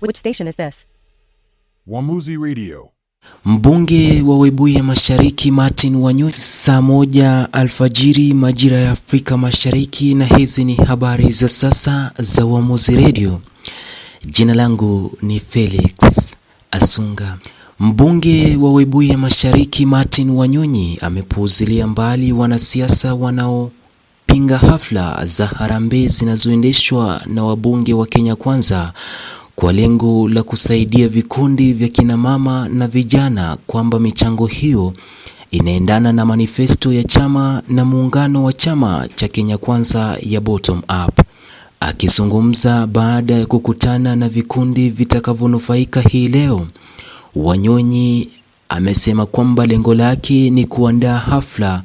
Which station is this? Wamuzi Radio. Mbunge wa Webuye Mashariki Martin Wanyusi, saa moja alfajiri majira ya Afrika Mashariki. Na hizi ni habari za sasa za Wamuzi Radio. Jina langu ni Felix Asunga. Mbunge wa Webuye Mashariki Martin wanyunyi amepuuzilia mbali wanasiasa wanaopinga hafla za harambee zinazoendeshwa na wabunge wa Kenya Kwanza kwa lengo la kusaidia vikundi vya kinamama na vijana kwamba michango hiyo inaendana na manifesto ya chama na muungano wa chama cha Kenya Kwanza ya Bottom Up. Akizungumza baada ya kukutana na vikundi vitakavyonufaika hii leo, Wanyonyi amesema kwamba lengo lake ni kuandaa hafla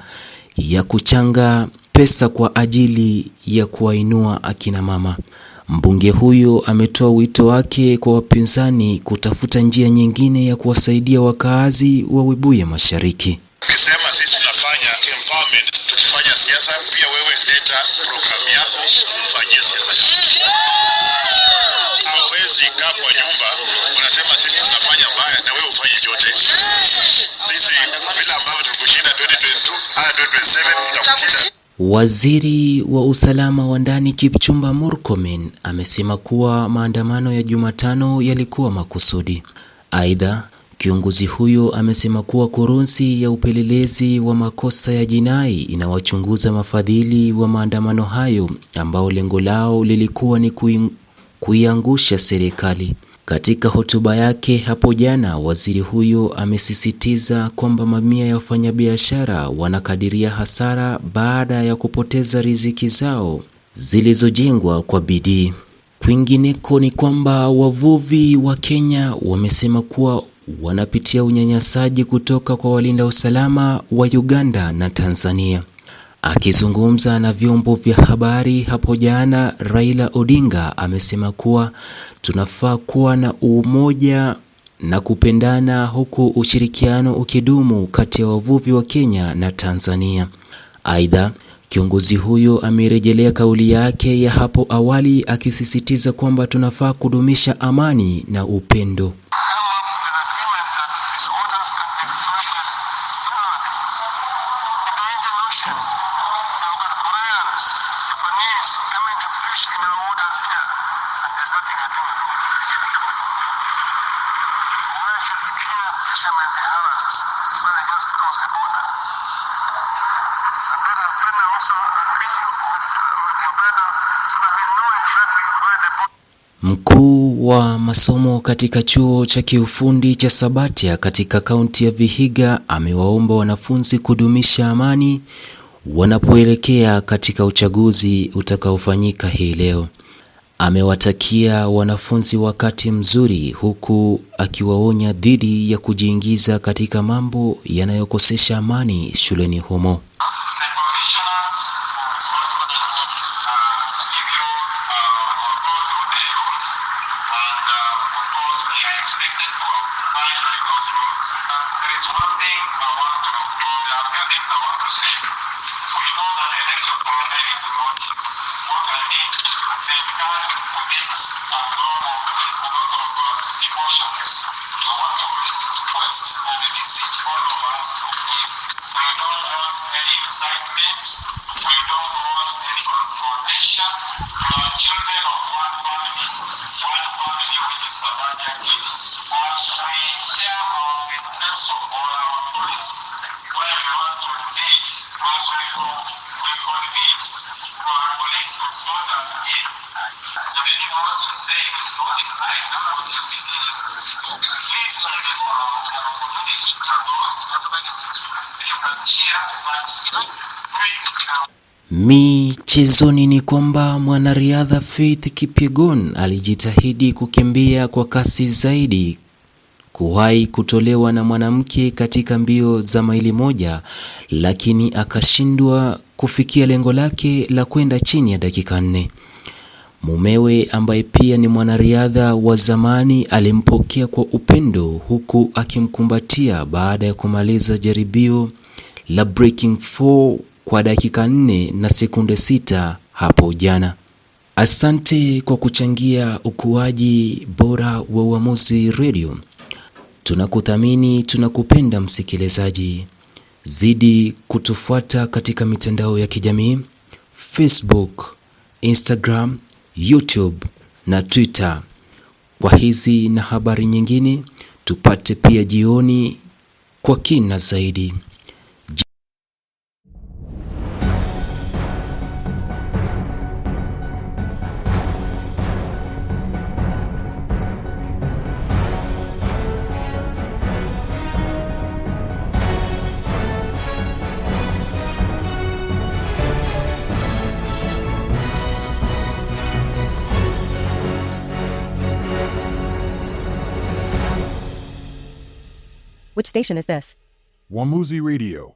ya kuchanga pesa kwa ajili ya kuwainua akina mama. Mbunge huyo ametoa wito wake kwa wapinzani kutafuta njia nyingine ya kuwasaidia wakaazi wa Webuye Mashariki. Ukisema sisi tunafanya empowerment, tukifanya siasa pia, wewe leta programu yako ufanyie siasa Hawezi kaa kwa nyumba unasema sisi tunafanya mbaya na wewe ufanye chote. Sisi vile ambavyo tulikushinda 2022 hadi 2027 tutakushinda. Waziri wa usalama wa ndani Kipchumba Murkomen amesema kuwa maandamano ya Jumatano yalikuwa makusudi. Aidha, kiongozi huyo amesema kuwa Kurunsi ya upelelezi wa makosa ya jinai inawachunguza mafadhili wa maandamano hayo ambao lengo lao lilikuwa ni kuiangusha serikali. Katika hotuba yake hapo jana, waziri huyo amesisitiza kwamba mamia ya wafanyabiashara wanakadiria hasara baada ya kupoteza riziki zao zilizojengwa kwa bidii. Kwingineko ni kwamba wavuvi wa Kenya wamesema kuwa wanapitia unyanyasaji kutoka kwa walinda usalama wa Uganda na Tanzania. Akizungumza na vyombo vya habari hapo jana, Raila Odinga amesema kuwa tunafaa kuwa na umoja na kupendana huku ushirikiano ukidumu kati ya wavuvi wa Kenya na Tanzania. Aidha, kiongozi huyo amerejelea kauli yake ya hapo awali akisisitiza kwamba tunafaa kudumisha amani na upendo. Mkuu wa masomo katika chuo cha kiufundi cha Sabatia katika kaunti ya Vihiga amewaomba wanafunzi kudumisha amani wanapoelekea katika uchaguzi utakaofanyika hii leo. Amewatakia wanafunzi wakati mzuri huku akiwaonya dhidi ya kujiingiza katika mambo yanayokosesha amani shuleni humo. Michezoni ni kwamba mwanariadha Faith Kipyegon alijitahidi kukimbia kwa kasi zaidi kuwahi kutolewa na mwanamke katika mbio za maili moja, lakini akashindwa kufikia lengo lake la kwenda chini ya dakika nne. Mumewe ambaye pia ni mwanariadha wa zamani alimpokea kwa upendo huku akimkumbatia baada ya kumaliza jaribio la breaking 4 kwa dakika 4 na sekunde 6 hapo jana. Asante kwa kuchangia ukuaji bora wa Uamuzi Radio. Tunakuthamini, tunakupenda msikilizaji. Zidi kutufuata katika mitandao ya kijamii Facebook, Instagram, YouTube na Twitter. Kwa hizi na habari nyingine tupate pia jioni kwa kina zaidi. Which station is this? Wamuzi Radio.